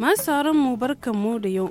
masu mu barkan da yau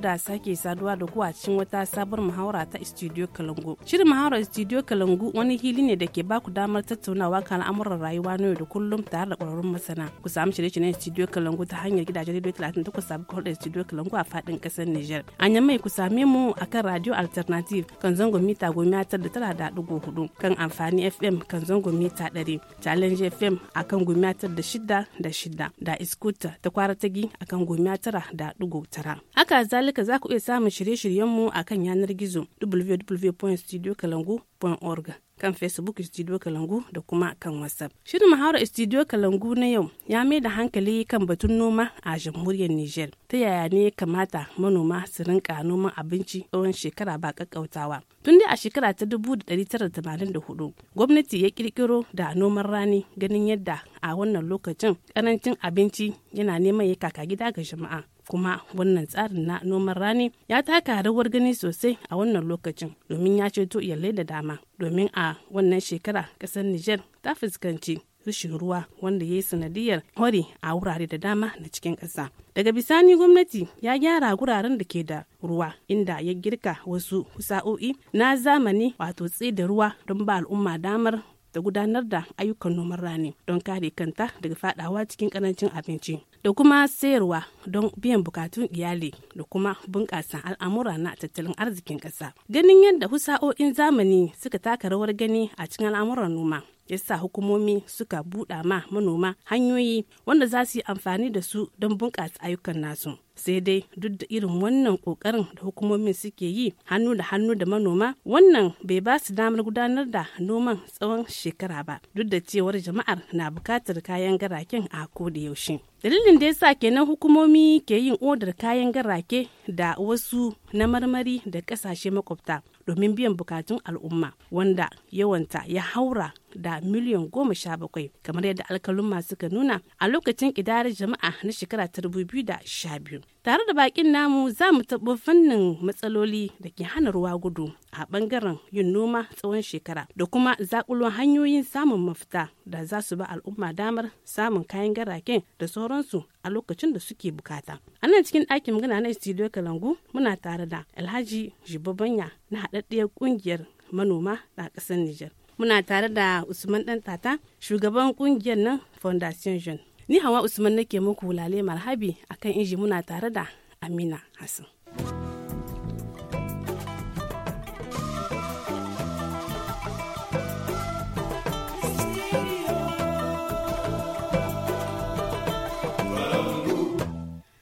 da sake saduwa da ku a cikin wata sabuwar muhawara ta studio kalangu shirin muhawarar studio kalangu wani hili ne da ke ba ku damar tattaunawa kan al'amuran rayuwa na yau da kullum tare da ƙwararrun masana ku samu shirye-shiryen studio kalangu ta hanyar gidajen radio 38 sabu da studio kalangu a faɗin ƙasar niger an yi mai ku same mu akan radio alternative kan zango mita goma tar da tara da ɗigo hudu kan amfani fm kan zango mita ɗari challenge fm akan goma tar da shida da shida da iskuta ta kwara tagi akan gomiya tara da ɗigo tara. Haka zalika za ku iya samun shirye-shiryenmu a kan yanar gizo www.studiokalangu.org. kan facebook studio kalangu da kuma kan whatsapp shirin mahaura studio kalangu na yau ya mai da hankali kan batun noma a jamhuriyar niger ta yaya ne ya kamata manoma su rinka noman abinci tsawon shekara ba kakkautawa tun dai a shekara ta 1984 gwamnati ya kirkiro da noman rani ganin yadda a wannan lokacin karancin abinci yana neman ya kaka gida ga jama'a kuma wannan tsarin na noman rani ya taka rawar gani sosai a wannan lokacin domin ya ceto iyalai da dama domin a wannan shekara kasar niger ta fuskanci rashin ruwa wanda ya yi sanadiyar hori a wurare da dama na cikin ƙasa. Daga bisani gwamnati ya gyara guraren da ke da ruwa inda ya girka wasu sa'o'i na zamani wato tsaye da ruwa don ba al'umma damar da gudanar da ayyukan noman rani don kare kanta daga fadawa cikin karancin abinci da kuma sayarwa don biyan bukatun iyali da kuma bunƙasa al'amura na tattalin arzikin ƙasa ganin yadda husa'o'in zamani suka taka rawar gani a cikin al'amuran noma yasa hukumomi suka buɗa ma manoma hanyoyi wanda za su yi amfani da su don bunƙasa ayyukan nasu sai dai duk da irin wannan ƙoƙarin da hukumomin suke yi hannu da hannu da manoma wannan bai ba su damar gudanar da noman tsawon shekara ba duk da cewar jama'ar na buƙatar kayan garaken a da yaushe dalilin da ya sa kenan hukumomi ke yin odar kayan garake da wasu na marmari da ƙasashe makwabta domin biyan bukatun al'umma wanda yawanta ya haura da miliyan goma sha bakwai kamar yadda masu ka nuna a lokacin idarar jama'a na shekara ta dubu biyu da sha biyu tare da bakin namu za mu taɓo fannin matsaloli da ke hana ruwa gudu a bangaren yin noma tsawon shekara da kuma zakulon hanyoyin samun mafita da za su ba al'umma damar samun kayan garaken da sauransu a lokacin da suke bukata a nan cikin ɗakin magana na studio kalangu muna tare da alhaji jibabanya na haɗaɗɗiyar ƙungiyar manoma a ƙasar Nijar. muna tare da usman dan tata shugaban kungiyar nan fondation jeune ni hawa usman nake muku lale marhabi kan inji muna tare da amina hassan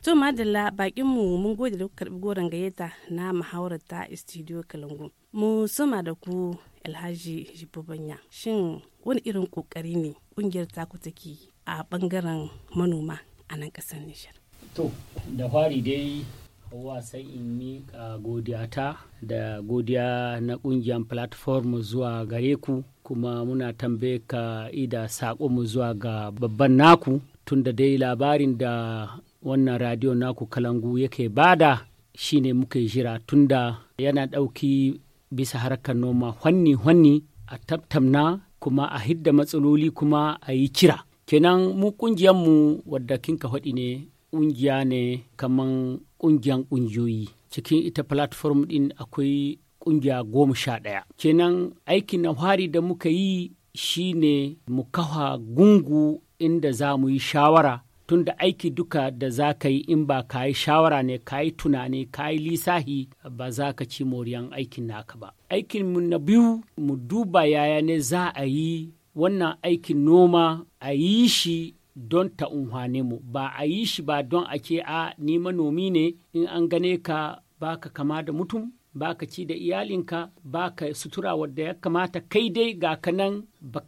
To madalla bakin mu mun gode da kuka karɓi goron gayyata na muhawarar ta studio Kalangu. Mu soma da ku alhaji jibobanya shin wani irin kokari ne kungiyar taku take a bangaren manoma a nan kasar nishar to da fari dai hawa sai in miƙa godiyata da godiya na ƙungiyar platform zuwa gare ku kuma muna tambaye ka ida mu zuwa ga babban naku tunda dai labarin da wannan radio naku kalangu yake bada shine muke jira tunda yana ɗauki bisa harkar noma hanni-hanni a tattamna kuma a hidda matsaloli kuma a yi kira kenan mu mu wadda kinka haɗi ne ƙungiya ne kaman ƙungiyan ƙungiyoyi cikin ita platform ɗin akwai ƙungiya goma sha ɗaya kenan aikin na hari da muka yi shi ne mu kafa gungu inda za mu yi shawara tun da aiki duka da za ka yi in ba ka yi shawara ne ka yi tunani ka yi lisahi ba za ka ci moriyan aikin naka ba aikin mu na biyu mu duba yaya ne za a yi wannan aikin noma a yi shi don ta unhane mu ba a yi shi ba don a ke a ni manomi ne in an gane ka ba ka kama da mutum ba ka ci da iyalinka ba ka sutura wadda ya kamata kai dai ga ka kanan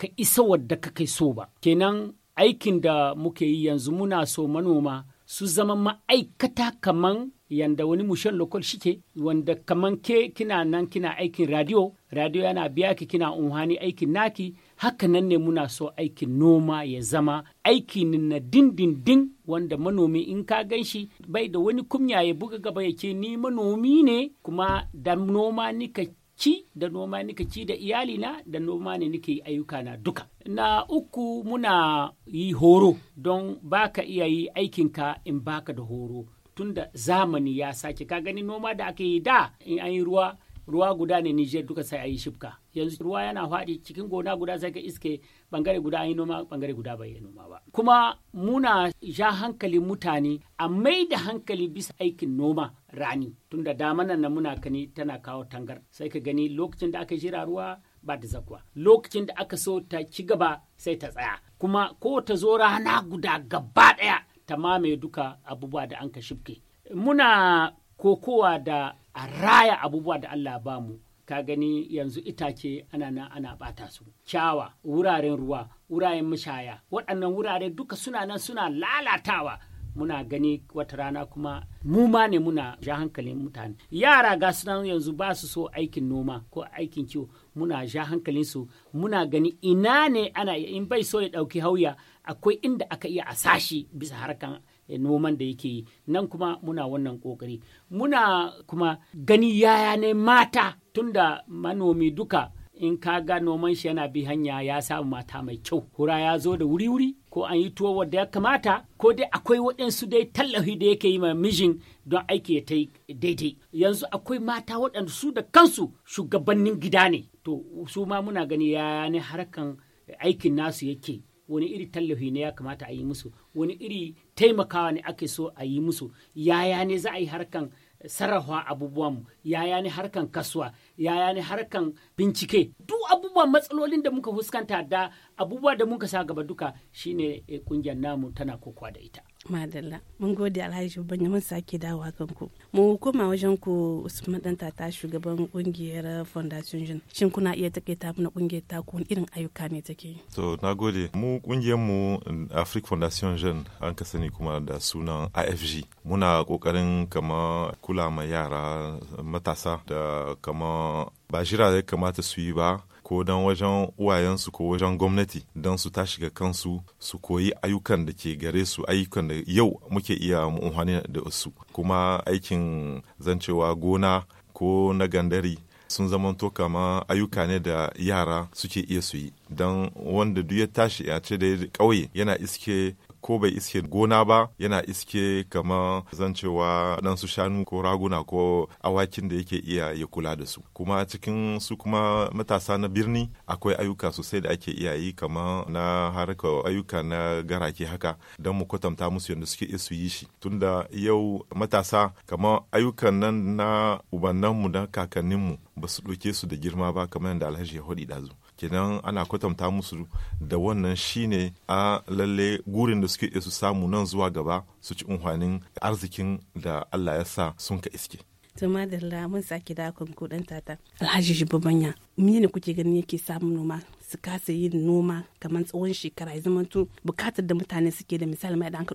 ka isa wadda ka kai so ba kenan aikin da muke yi yanzu muna so manoma su zama ma'aikata kaman yanda wani mushen lokal shike wanda kaman ke kina nan kina aikin radio radio yana biya ki kina unhani aikin naki haka nan ne muna so aikin noma ya zama aiki na dindindin wanda manomi in ka gan shi bai da wani kumya ya buga gaba ya ce ni manomi ne kuma da noma nika ci da noma nika ci da iyalina da noma ne nika yi ayyuka na duka. Na uku muna yi horo don baka iya yi aikinka in baka da horo tunda zamani ya sake ka gani noma da aka yi da in an yi ruwa ruwa guda ne Niger duka sai a yi shifka yanzu ruwa yana faɗi cikin gona guda sai ka iske bangare guda an yi noma bangare guda bai yi noma ba kuma muna ja hankali mutane a mai da hankali bisa aikin noma rani tunda damanan na muna kani tana kawo tangar sai ka gani lokacin da aka jira ruwa ba da zakwa lokacin da aka so ta ci gaba sai ta tsaya kuma ko ta zo rana guda gaba ɗaya ta mamaye duka abubuwa da an ka shifke muna kokowa da a raya abubuwa da Allah ba mu ka gani yanzu itace ana nan ana bata su kyawa wuraren ruwa wuraren mashaya waɗannan wurare duka suna nan suna lalatawa muna gani wata rana kuma mu ma ne muna ja hankalin mutane yara ga su nan yanzu ba su so aikin noma ko aikin kiwo muna ja hankalin su muna gani ina ne ana in bai so ya ɗauki hauya akwai inda aka iya a sashi bisa harkan Eh, noman da yake yi nan kuma muna wannan kokari muna kuma gani yaya ne mata tunda manomi duka in ka ga noman shi yana bi hanya ya samu mata mai kyau hura ya zo da wuri-wuri ko an yi tuwo wadda ya kamata ko dai akwai waɗansu dai tallafi da yake yi ma mijin don aiki ya ta daidai yanzu akwai mata waɗanda su da kansu shugabannin gida ne to su ma muna gani ya ne harkan aikin nasu yake wani iri tallafi ne ya kamata a yi musu wani iri taimakawa ne ake so a yi musu yaya ne za a yi harkan sarrafa abubuwanmu yaya ne harkan kasuwa yaya ne harkan bincike duk abubuwan matsalolin da muka fuskanta da abubuwa da muka sa gaba duka shine eh, kungiyar namu tana kokowa da ita madalla mun gode alhaji banya mun sake dawowa ku mu koma wajen ku usman dan tata shugaban kungiyar foundation jin shin kuna iya take ta mana kungiyar ta kun irin ayyuka ne take to nagode mu kungiyar mu Afrique Foundation Jeune an ka sani kuma da sunan AFG muna kokarin kama kula ma yara matasa da kama ba jira ya kamata su yi ba ko don wajen uwayensu ko wajen gwamnati don su tashi ga kansu su koyi ayyukan da ke gare su ayyukan da yau muke iya mu'amfani da su kuma aikin zancewa gona ko na gandari sun zamanto kama ayyuka ne da yara suke iya su yi don wanda duk ya tashi ya ce da ƙauye yana iske ko bai iske gona ba yana iske kamar zan cewa dan su shanu ko raguna ko awakin da yake iya ya kula da su kuma cikin su kuma matasa na birni akwai ayyuka sosai da ake iya yi kamar na harkar ayyuka na garake haka don mu kwatanta musu yadda suke iya su yi shi tunda yau matasa kamar ayyukan nan na ubannanmu da kakanninmu ba su ɗauke su da girma ba kamar yadda alhaji ya hodi ɗazu kenan ana kwatanta musu da wannan shine a lalle gurin da suke su samu nan zuwa gaba su ci unhwanin arzikin da Allah ya sa sun ka iske. to madalla mun sake da kun kudin tata alhaji shibabanya mene ne kuke ganin yake samun noma su kasa yin noma kamar tsawon shekara ya zamanto bukatar da mutane suke da misali mai da an ka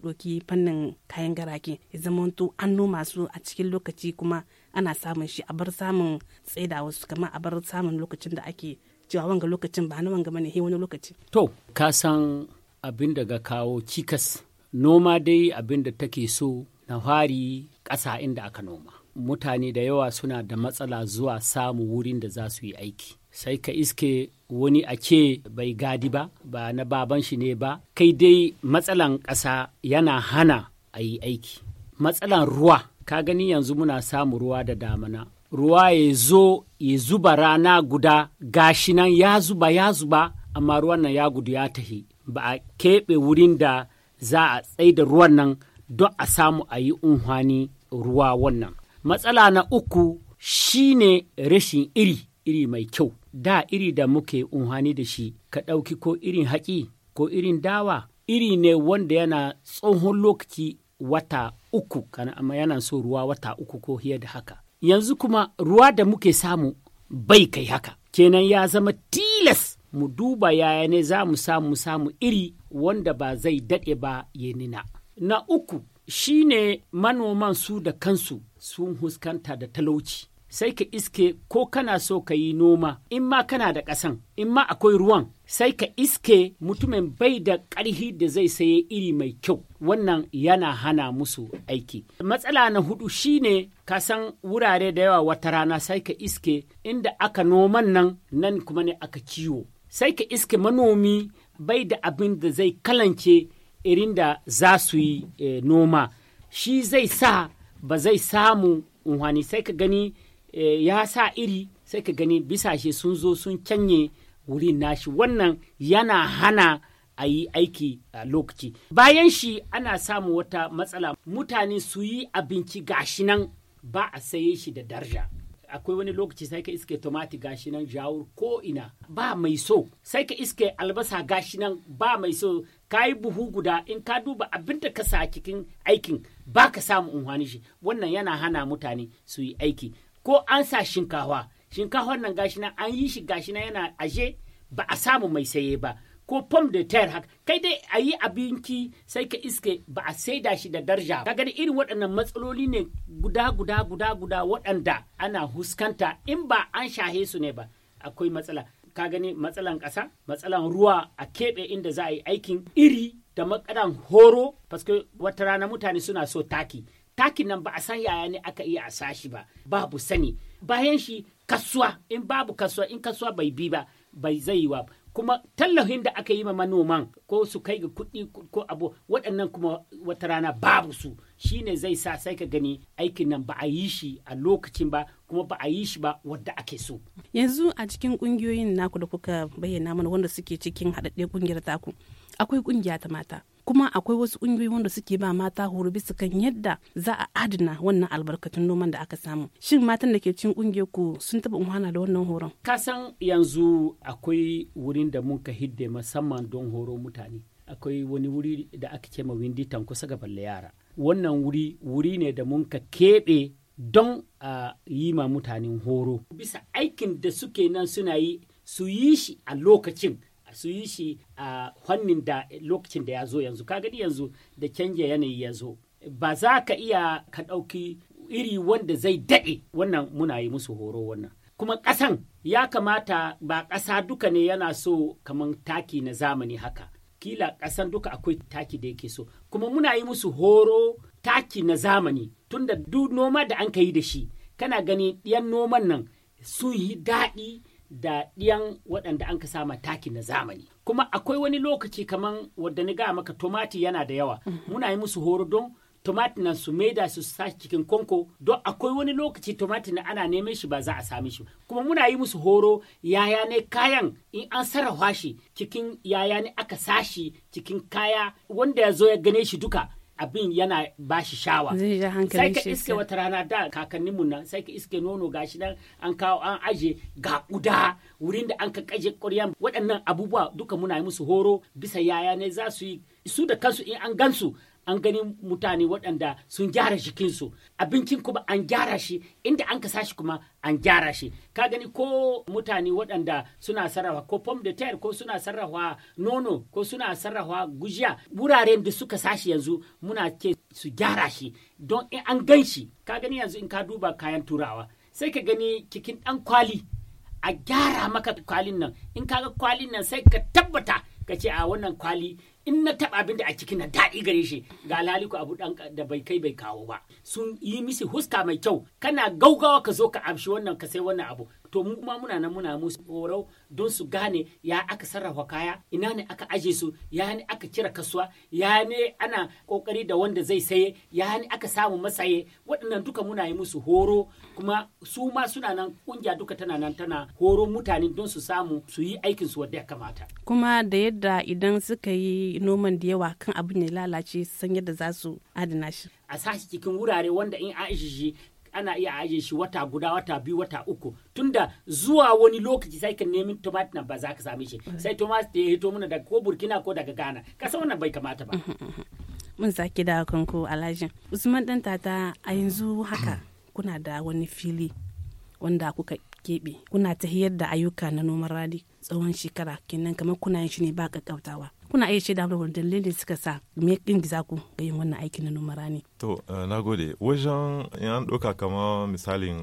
fannin kayan garake ya zamanto an noma su a cikin lokaci kuma ana samun shi a bar samun tsaida wasu kamar a bar samun lokacin da ake cewa wanga lokacin ba na wanga mana wani lokaci to ka san abin da ga kawo cikas noma dai abin da take so na fari ƙasa inda aka noma mutane da yawa suna da matsala zuwa samu wurin da za su yi aiki sai ka iske wani a ce bai gadi ba ba na baban shi ne ba kai dai matsalan ƙasa yana hana a yi aiki matsalan ruwa ka gani yanzu muna samu ruwa da damana ruwa ya zo ya zuba rana guda gashi nan ya zuba ya zuba amma ruwan nan ya gudu ya tahi ba a keɓe wurin da za a da ruwan nan don a samu a yi unhwani ruwa wannan matsala na uku shine rashin iri iri mai kyau da iri da muke unhani da shi ka ɗauki ko irin haƙi ko irin dawa iri ne wanda yana tsohon lokaci wata uku kana amma yana so ruwa wata uku ko hiya da haka yanzu kuma ruwa da muke samu bai kai haka kenan ya zama tilas mu duba yaya ne za mu samu samu iri wanda ba zai daɗe ba ya nina na uku shine manoman su da kansu sun huskanta da talauci sai ka iske ko kana so ka yi noma in ma kana da ƙasan in ma akwai ruwan sai ka iske mutumin bai da ƙarhi da zai saye iri mai kyau wannan yana hana musu aiki matsala na hudu shine ka san wurare da yawa wata rana sai ka iske inda aka noman nan nan kuma ne aka kiwo sai ka iske manomi bai da abin da zai kalance irin da za su yi eh, noma shi zai sa ba zai samu unhani sai ka gani Eh, ya sa iri sai ka gani bisashe sun zo sun canye wurin nashi wannan yana hana a yi aiki a lokaci bayan shi ana samun wata matsala mutane su yi abinci gashi nan ba a saye shi da darja akwai wani lokaci sai ka iske tomati gashi nan jawur ko ina ba mai so sai ka iske albasa gashi nan ba mai so ka yi buhu guda in ka duba abin da ka sa cikin aikin ba ka samu unhwani shi wannan yana hana mutane su yi aiki ko an sa shinkawa shinkawar nan gashi nan an yi shi gashi nan yana aje ba a samu mai saye ba ko pom de ter haka kai dai a yi abinki sai ka iske ba a saida shi da darja ka gani irin waɗannan matsaloli ne guda guda guda guda waɗanda ana huskanta in ba an shahe su ne ba akwai matsala ka gani matsalan ƙasa matsalan ruwa a keɓe inda za a yi aikin iri da makaran horo paske wata rana mutane suna so taki takin nan ba a san yaya ne aka iya a sashi ba babu sani bayan shi kasuwa in babu kasuwa in kasuwa bai bi ba bai zai wa kuma tallafin da aka yi ma manoman ko su kai ga kuɗi ko abu waɗannan kuma wata rana babu su shine zai sa sai ka gani aikin nan ba a yi shi a lokacin ba kuma ba a yi shi ba wadda ake so. Yanzu a cikin ƙungiyoyin naku da kuka bayyana mana wanda suke cikin haɗaɗɗen ƙungiyar taku akwai ƙungiya ta mata kuma akwai wasu ƙungiyoyi wanda suke ba mata horo bisa kan yadda za a adana wannan albarkatun noman da aka samu shin matan da ke cin ƙungiyar ku sun taɓa umhana da wannan horon ka san yanzu akwai wurin da mun ka hidde musamman don horo mutane akwai wani wuri da aka ce ma windi kusa ga balle yara wannan wuri wuri ne da mun ka keɓe don a yi ma mutane horo bisa aikin da suke nan suna yi su yi shi a lokacin su yi shi a fannin da lokacin da ya zo yanzu ka gani yanzu da canje yanayi ya zo ba za ka iya ka ɗauki iri wanda zai daɗe wannan muna yi musu horo wannan kuma ƙasan ya kamata ba ƙasa duka ne yana so kamar taki na zamani haka kila ƙasan duka akwai taki da yake so kuma muna yi musu horo taki na zamani tunda duk noma da an ka yi da shi kana gani ɗiyan noman nan sun yi daɗi da ɗiyan waɗanda an ka sama taki na zamani kuma akwai wani lokaci kamar wadda ni gaya maka tomati yana da yawa mhm. muna yi musu horo don tomati nan su maida su sa cikin konko don akwai wani lokaci tomati na ana neman shi ba za a sami shi kuma muna yi musu horo yaya ne kayan in an sarrafa shi cikin yaya ne aka sashi cikin kaya wanda ya zo ya gane shi duka abin yana ba shi shawa sai ka iske wata rana da kakanni mu nan sai ka iske nono gashi nan an kawo an aje ga kuda wurin da an ka kaje ƙuryan waɗannan abubuwa duka muna yi musu horo bisa yaya ne za su yi su da kansu in an gansu an gani mutane waɗanda sun gyara jikinsu abincin kuma an gyara shi inda an kasa shi kuma an gyara shi ka gani ko mutane waɗanda suna sarrafa ko pom de terre ko suna sarrafa nono ko suna sarrafa gujiya wuraren da suka sashi yanzu muna ce su gyara shi don in an gan shi ka gani yanzu in ka duba kayan turawa sai ka gani cikin ɗan kwali a gyara maka kwalin nan in kaga kwalin nan sai ka tabbata ka ce a wannan kwali in na taɓa abin da a cikina na daɗi gare shi ga laliku abu ɗan da bai kai bai kawo ba sun yi misi huska mai kyau kana gaugawa ka zo ka amshi wannan ka sai wannan abu to mu kuma muna nan muna musu horau don su gane ya aka sarrafa kaya ina ne aka aje su ya ne aka kira kasuwa ya ne ana kokari da wanda zai saye ya ne aka samu masaye waɗannan duka muna yi musu horo kuma su ma suna nan kungiya duka tana nan tana horo mutane don su samu su yi aikin su wanda ya kamata kuma da yadda idan suka yi noman da yawa kan abin ya lalace san yadda za su adana shi a sashi cikin wurare wanda in a shi ana iya aje shi wata guda wata biyu wata uku tunda zuwa wani lokaci sai ka nemi tomati na ba za ka same shi sai da ya hito mana daga ko burkina ko daga ghana kasa wannan bai kamata ba mhm, mhm, mhm. mun sake da kanku alhaji usman dan tata a yanzu haka kuna da wani fili wanda kuka keɓe kuna hiyar da ayyuka na noman rani tsawon shekara kenan kamar kuna yin shi ne ba kakkautawa kuna iya shaida da dalilin da suka sa me za ku ga yin wannan aikin na numara ne. to eh, na gode wajen an ɗauka kama misalin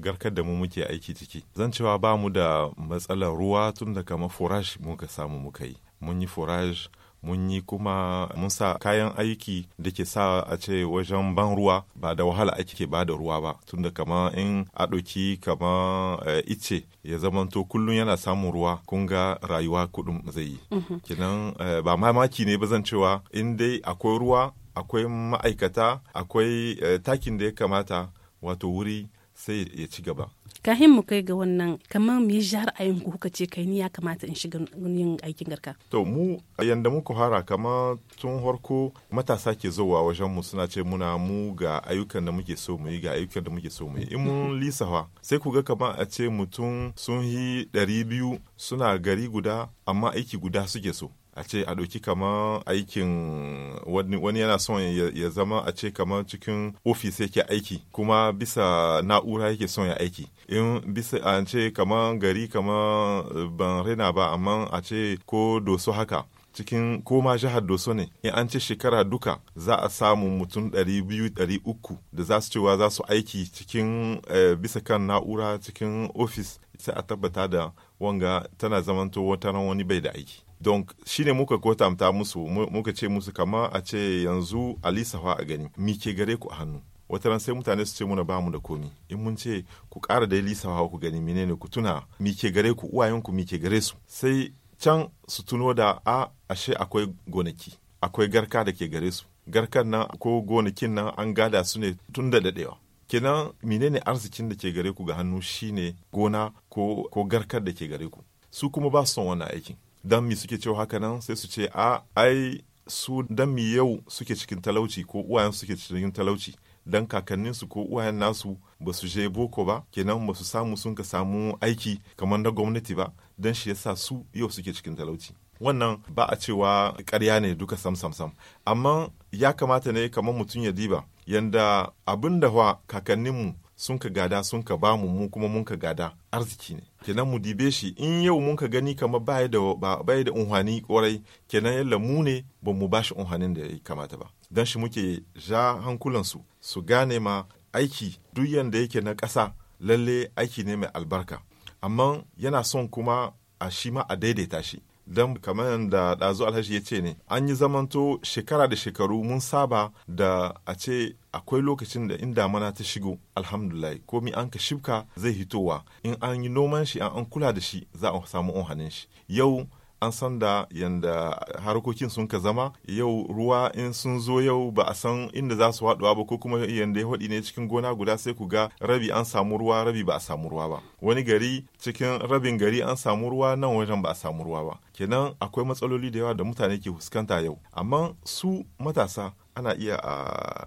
garkar da mu muke aiki ciki zan cewa ba mu da matsalar ruwa tun da kama forage muka samu muka yi mun yi forage mun yi kuma mun sa kayan aiki da ke sa a ce wajen ban ruwa ba da wahala ake ba da ruwa ba tunda kama in a ɗauki kama eh, ice ya zamanto kullum yana samun ruwa kun ga rayuwa kuɗin zai yi mhm. kenan eh, ba mamaki ne ba zan cewa in dai akwai ruwa akwai ma'aikata akwai eh, takin da ya kamata wato wuri sai ya ci gaba kahin mu kai ga wannan kamar mu yi ayin ku kuka ce kai ni ya kamata in shiga yin aikin garka to mu yanda muka fara kama tun harko matasa ke zowa wajen mu suna ce muna mu ga ayyukan da muke so mu yi ga ayyukan da muke so mu yi in mun lisawa sai ku ga kama a ce mutum sun yi ɗari biyu suna gari guda amma aiki guda suke so a ce a ɗauki kamar aikin wani, yana son ya, zama a ce kamar cikin ofis yake aiki kuma bisa na'ura yake son ya aiki in bisa a ce kamar gari kamar eh, ban rena ba amma a ce ko doso haka cikin koma jihar doso ne in an ce shekara duka za a samu mutum 200-300 da za su cewa za su aiki cikin eh, bisa kan na'ura cikin ofis sai a tabbata da wanga tana zamanto wata wani bai da aiki don shine muka gotamta musu muka ce musu kama a ce yanzu a lissafa a gani mi ke gare ku a hannu wata ran sai mutane su ce muna bamu da komi in mun ce ku ƙara da lissafa ku gani menene ku tuna mi ke gare ku uwayenku mi ke gare su sai can su tuno da a ashe akwai gonaki akwai garka da ke gare su garkan nan ko gonakin nan an gada su ne tun da dadewa kenan menene arzikin da ke gare ku ga hannu shine gona ko ko garkar da ke gare ku su kuma ba su son wannan aikin dan mi suke cewa haka nan sai su ce a ai su dan mi yau suke cikin talauci ko uwayen suke cikin talauci dan kakanninsu ko uwayen nasu ba su je boko ba kenan ba su samu sun ka samu aiki kamar na gwamnati ba dan shi yasa su yau suke cikin talauci wannan ba a cewa karya ne duka sam sam sam amma ya kamata ne kamar mutum ya diba yanda abin da wa kakanninmu sun ka gada sun ka bamu mu kuma mun ka gada arziki ne kenan mu dibe shi in yau mun ka gani kama baya da bai da unhani kwarai kenan yalla mu ne ba mu bashi unhanin da ya kamata ba dan shi muke ja hankulan su su gane ma aiki duk yanda yake na ƙasa lalle aiki ne mai albarka amma yana son kuma a shi ma a daidaita shi don kamar yadda ɗazu alhaji ya ce ne an yi zamanto shekara da shekaru mun saba da a ce akwai lokacin da in damana ta shigo alhamdulillah komi an ka shibka zai hitowa in an yi noman shi an kula da shi za a samu unhanin shi yau an san da yanda harkokin sun ka zama yau ruwa in sun zo yau ba a san inda za su haɗuwa ba ko kuma yanda ya haɗi ne cikin gona guda sai ku ga rabi an samu ruwa rabi ba a samu ruwa ba wani gari cikin rabin gari an samu ruwa nan wajen ba a samu ruwa ba kenan akwai matsaloli da yawa da mutane ke fuskanta yau amma su matasa ana iya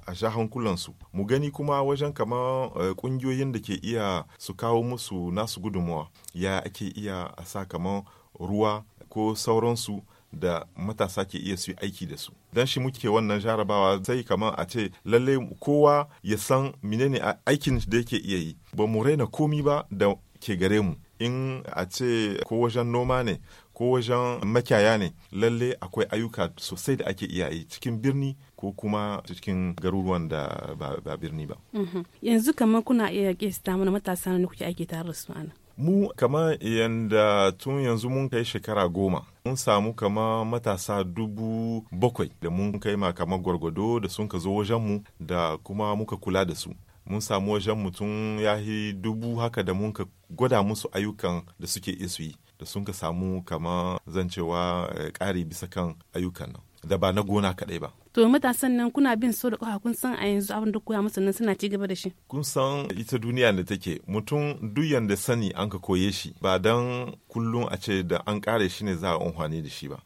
a sha hankulansu mu gani kuma wajen kama kungiyoyin e, da ke iya su kawo musu nasu gudunmawa ya ake iya a sa kaman ruwa ko sauransu da matasa ke iya su aiki da su don shi muke wannan jarabawa sai kamar a ce lalle kowa ya san menene aikin da yake iya yi ba mu raina komi ba da ke gare mu in a ce ko wajen noma ne ko wajen makiyaya ne lalle akwai ayyuka sosai da ake iya yi cikin birni ko kuma cikin garuruwan da ba birni ba mhm. yanzu kamar kuna iya kesta mana matasa ne kuke aiki tare da su ana mu kama yanda tun yanzu mun kai shekara goma mun samu kama matasa dubu bakwai da mun kai ma kama gwargwado da sun ka zo wajenmu da kuma muka kula da su mun samu wajen mutum ya yi dubu haka da mun ka gwada musu ayyukan da suke isu yi da sun ka samu kama zancewa eh, ƙari bisa kan ayyukan nan da ba na gona kaɗai ba. To matasan nan kuna bin so da ƙafa kun san a yanzu abin da koya musu nan suna ci gaba da shi. Kun san ita duniya da take mutum duk yanda sani an ka koye shi ba dan kullum a ce da an kare shi ne za a amfani da shi ba.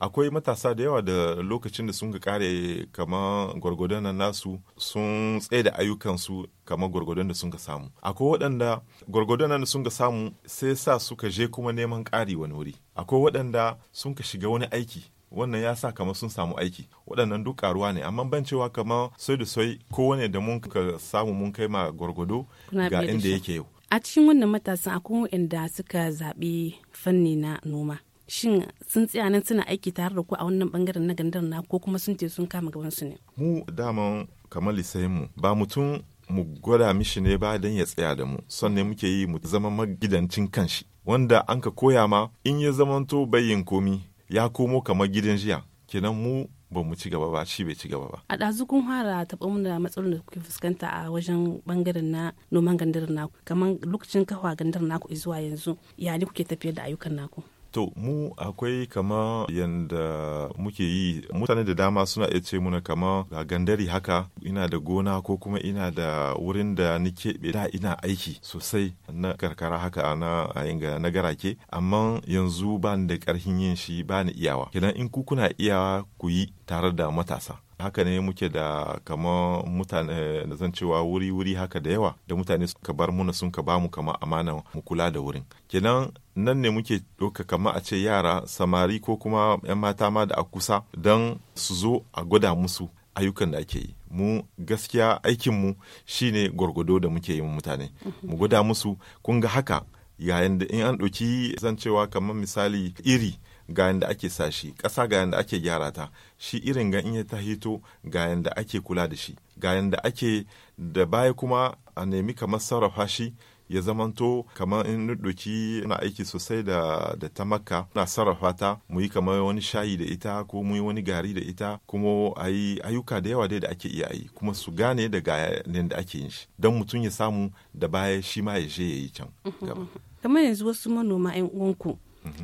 Akwai matasa da yawa da lokacin da sun ka kare kamar gwargwadon nan nasu sun tsaye da ayyukansu kamar gwargwadon da sun ka samu. Akwai waɗanda gwargwadon nan da sun ka samu sai sa suka je kuma neman ƙari wani wuri. Akwai waɗanda sun ka shiga wani aiki wannan ya sa kamar sun samu aiki waɗannan duk karuwa ne amma ban cewa kamar sai da sai kowane da mun ka samu mun kai ma gwargwado ga inda yake yau a cikin wannan matasan akwai waɗanda suka zaɓi fanni na noma shin sun tsaya nan suna aiki tare da ku a wannan bangaren na gandar na ko kuma sun ce sun kama gaban su ne mu dama kamar lisayin mu ba mutum mu gwada mishi ne ba dan ya tsaya da mu sannan muke yi mu zama magidancin kanshi wanda an ka koya ma in ya zamanto bayin komi ya komo kamar gidan jiya kenan mu ba mu ci gaba ba shi bai ci gaba ba a ɗazu kun fara taɓa da matsalolin da kuke fuskanta a wajen bangaren na noman gandar naku kamar lokacin kafa gandar naku zuwa yanzu ya ne kuke tafiyar da ayyukan naku To mu akwai kama yanda muke yi mutane da dama suna iya ce muna kama ga gandari haka ina da gona ko kuma ina da wurin da ni keɓe da ina aiki sosai na karkara haka na inga na garake amma yanzu ba ni da ƙarfin yin shi ba ni iyawa. Kenan in ku kuna iyawa ku yi tare da matasa. haka ne muke da kamar mutane da eh, zan cewa wuri-wuri haka da yawa da mutane suka bar muna sun ka bamu kama amana mu kula da wurin kenan nan ne muke doka kama a ce yara samari ko kuma 'yan mata ma da a kusa don su zo a gwada musu ayyukan da ake yi mu gaskiya aikinmu shine gwargwado da muke yi mutane mu gwada musu kun ga haka yayin da in an ɗauki zancewa cewa kamar misali iri ga yanda ake sa shi ƙasa ga yanda ake gyara ta shi irin ga in ta hito ga yanda ake kula da shi ga yanda ake da baya kuma a nemi kamar sarrafa shi ya zamanto kamar in doki na aiki sosai da, da ta makka na sarrafa ta mu yi kamar wani shayi da ita ko mu yi wani gari da ita kuma a yi ayyuka da yawa dai da ake iya yi kuma su gane da gayanin da ake yin shi don mutum ya samu da baya shi ma ya je ya yi can gaba. kamar yanzu wasu manoma 'yan uwanku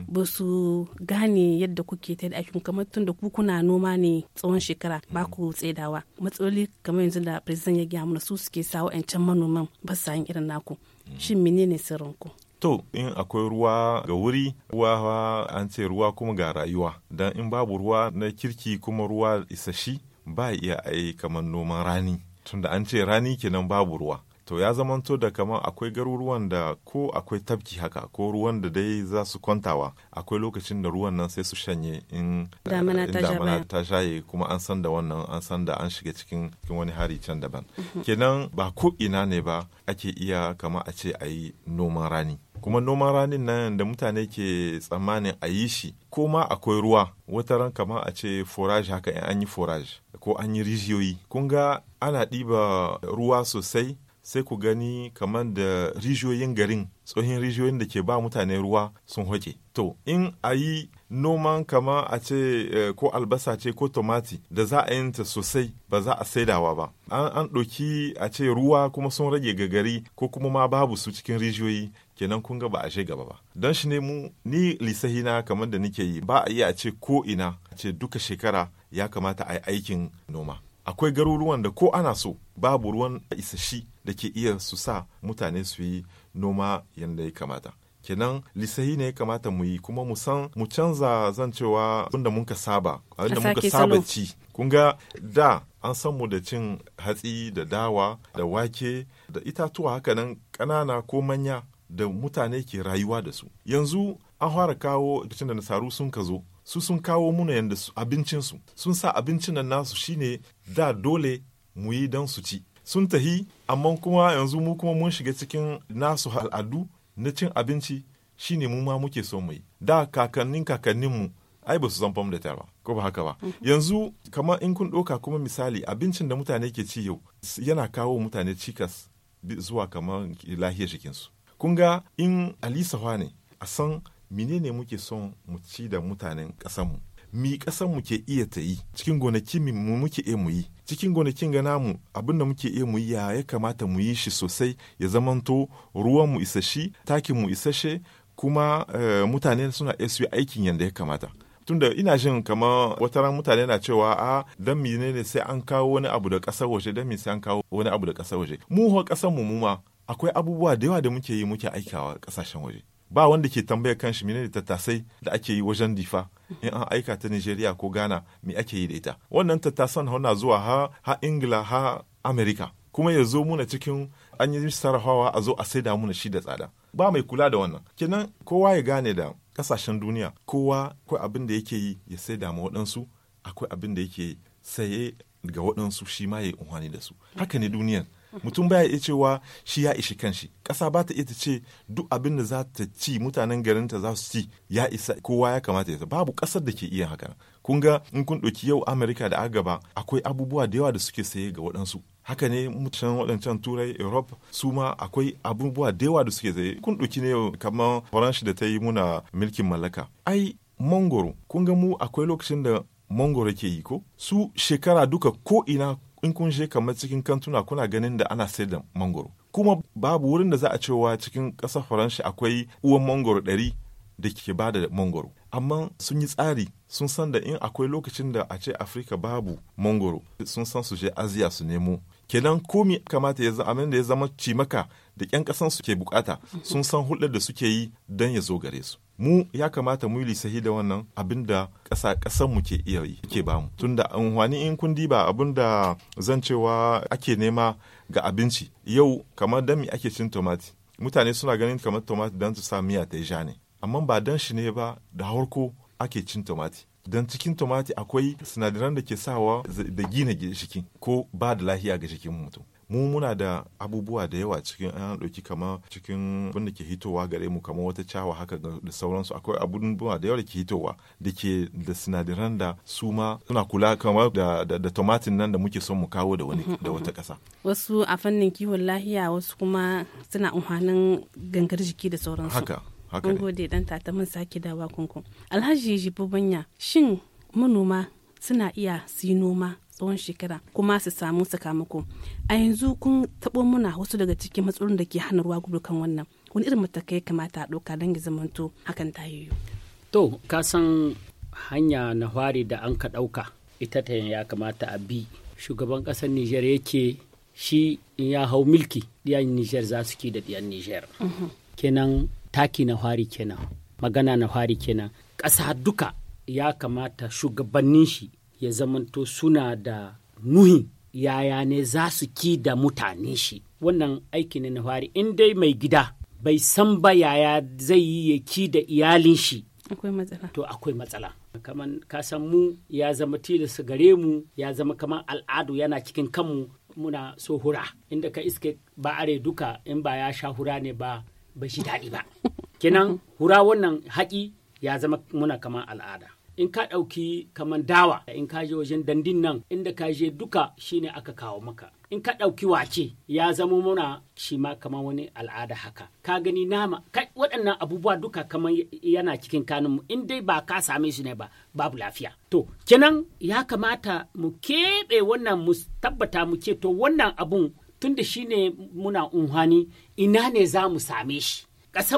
ba su gane yadda kuke ta da aikin kamar tun da ku kuna noma ne tsawon shekara ba ku tsaidawa matsaloli kamar yanzu da president ya gaya mana su suke sa wa'ancan manoman ba su yin irin naku shin menene sirrinku to in akwai ruwa ga wuri ruwa an ce ruwa kuma ga rayuwa dan in babu ruwa na kirki kuma ruwa isashi ba iya ai kamar noman rani tunda an ce rani kenan babu ruwa to ya zamanto da kamar akwai garuruwan da ko akwai tabki haka ko ruwan da dai za su kwantawa akwai lokacin da ruwan nan sai su shanye in eh, damana ta shaye kuma an san da wannan an san da an shiga cikin wani hari can daban mhm. kenan ba ko ina ne ba ake iya kama a ce a yi noman rani kuma noman ranin nan da mutane ke tsammanin a yi shi ko ma akwai ruwa wata ran kamar a ce forage haka in an yi forage ko an yi rijiyoyi kun ga ana ɗiba ruwa sosai sai ku gani kamar da rijiyoyin garin tsohin rijiyoyin da ke ba mutane ruwa sun hoke to in a yi noman kama a ce eh, ko albasa ce ko tomati da za a yinta sosai ba za a saidawa ba an ɗauki a ce ruwa kuma sun rage gagari ko kuma ma babu su cikin rijiyoyi kenan kun ga ba a gaba ba don shi ne mu ni lisahina kamar da nake yi ba a iya a ce ko ina a ce duka shekara ya kamata a yi aikin noma akwai garuruwan da ko ana so babu ruwan isashi da ke iya su sa mutane su yi noma yadda ya kamata kenan lisayi ne ya kamata mu yi kuma mu san mu canza zan cewa abinda muka saba abinda muka saba ci kun ga da an san mu da cin hatsi da dawa da wake da itatuwa hakanan nan ƙanana ko manya da mutane ke rayuwa da su yanzu an fara kawo lokacin da nasaru sun ka zo su sun kawo muna yanda abincinsu sun sa abincin nan nasu shine da dole mu yi don su ci sun tahi amma kuma yanzu mu kuma mun shiga cikin nasu al'adu na cin abinci shine mu ma muke so mu yi da kakannin kakanninmu ai ba su san fam da ta ba ko ba haka ba mhm. yanzu kamar in kun ɗauka kuma misali abincin da mutane ke ci yau yana kawo mutane cikas zuwa kamar lahiyar jikinsu kun ga in hwa ne a san menene muke son mu ci da mutanen kasanmu. mi ƙasar mu ke iya ta yi cikin gonaki mu muke iya mu yi cikin gonakin ga namu abin da muke iya mu yi ya kamata mu yi shi sosai ya zamanto ruwan mu shi takin mu isashe kuma eh, mutane suna iya su aikin yadda ya kamata tunda ina jin kamar ran mutane na cewa a dan mine ne sai an kawo wani abu da ƙasar waje dan mi sai an kawo wani abu da ƙasar waje mu ho ƙasar mu mu ma akwai abubuwa da yawa da muke yi muke aikawa ƙasashen waje ba wanda ke tambayar kanshi ne tattasai da ake yi wajen difa in an aika ta Nigeria ko Ghana me ake yi da ita wannan tattasan hauna zuwa ha ha Ingila ha America kuma ya zo muna cikin an yi sarrafawa a zo a saida muna shi da tsada ba mai kula da wannan kenan kowa ya gane da kasashen duniya kowa akwai abin da yake yi ya saida ma waɗansu akwai abin da yake saye ga waɗansu shi ma ya yi da su haka ne duniyar mutum baya iya cewa shi ya ishi kanshi ƙasa ba ta iya ta ce duk abin da za ta ci mutanen garinta za su ci ya isa kowa ya kamata ya babu ƙasar da ke iya haka kun ga in kun ɗauki yau amerika da agaba akwai abubuwa da yawa da suke saye ga waɗansu haka ne mutanen waɗancan turai europe su ma akwai abubuwa da yawa da suke saye kun ɗauki ne yau kamar faranshi da ta yi muna milkin mallaka ai mangoro kun ga mu akwai lokacin da mangoro ke yi ko su shekara duka ko ina in kun je kamar cikin kantuna kuna ganin da ana sayar da mangoro kuma babu wurin da za a cewa cikin ƙasar faransa akwai uwan mangoro ɗari da ke ba da mangoro amma sun yi tsari sun san da in akwai lokacin da a ce afirka babu mangoro sun san su je aziya su nemo kenan komi kamata ya zama da ya zama cimaka da 'yan ƙasan su ke bukata sun san hulɗar da suke yi don ya zo gare su mu ya kamata mu yi lisahi da wannan abin da ƙasa ƙasan mu ke iya yi ke bamu tunda amfani in kun diba abin da zan cewa ake nema ga abinci yau kamar dan mi ake cin tomati mutane suna ganin kamar tomati dan su sa miya ta ja ne amma ba dan shi ne ba da harko ake cin tomati dan cikin tomati akwai sinadaran da ke sawa da gina jiki ko ba da lahiya ga jikin mutum mu muna da abubuwa da yawa cikin an ɗauki kamar cikin abin da ke hitowa gare mu kamar wata cawa haka da sauransu akwai abubuwa da yawa da ke hitowa da ke da sinadaran da su ma suna kula kamar da, da, da tomatin nan da muke son mu kawo da, wani, da wata ƙasa. wasu a fannin kiwon lahiya wasu kuma suna umarnin gangar jiki da sauransu. haka haka ne. gode dan tata mun sake dawa kunkun. alhaji jibobanya shin manoma suna iya su yi noma tsawon shekara kuma su samu sakamako a yanzu kun taɓo muna wasu daga cikin matsalolin da ke hana ruwa gudu kan wannan wani irin matakai kamata a ɗauka don ya zamanto hakan ta yi to ka san hanya na hwari da an ka ɗauka ita ta ya kamata a bi shugaban ƙasar nijar yake shi in ya hau milki diyan nijar za su ki da diyan nijar mhm. kenan taki na hwari kenan magana na hwari kenan ƙasa duka ya kamata shugabannin shi ya zamanto suna da nuhi yaya ne za su ki da mutane shi wannan aiki ne na fari in dai mai gida bai san ba yaya zai yi ya ki da iyalin shi akwai matsala to akwai matsala kaman ka san mu ya zama tilasta gare mu ya zama kaman al'adu yana cikin kanmu muna so hura inda ka iske ba are duka in ba ya sha hura ne ba ba shi daɗi ba kenan hura wannan haƙi ya zama muna kaman al'ada in ka ɗauki kaman dawa in ka je wajen dandin nan inda ka je duka shine aka kawo maka in ka ɗauki wace ya zama muna shi ma kamar wani al'ada haka ka gani nama waɗannan abubuwa duka kamar yana cikin kanunmu in dai ba ka same su ne ba babu lafiya to kenan ya kamata mu keɓe wannan mu tabbata mu ce to wannan abun tunda shine muna unhani ina ne za mu same shi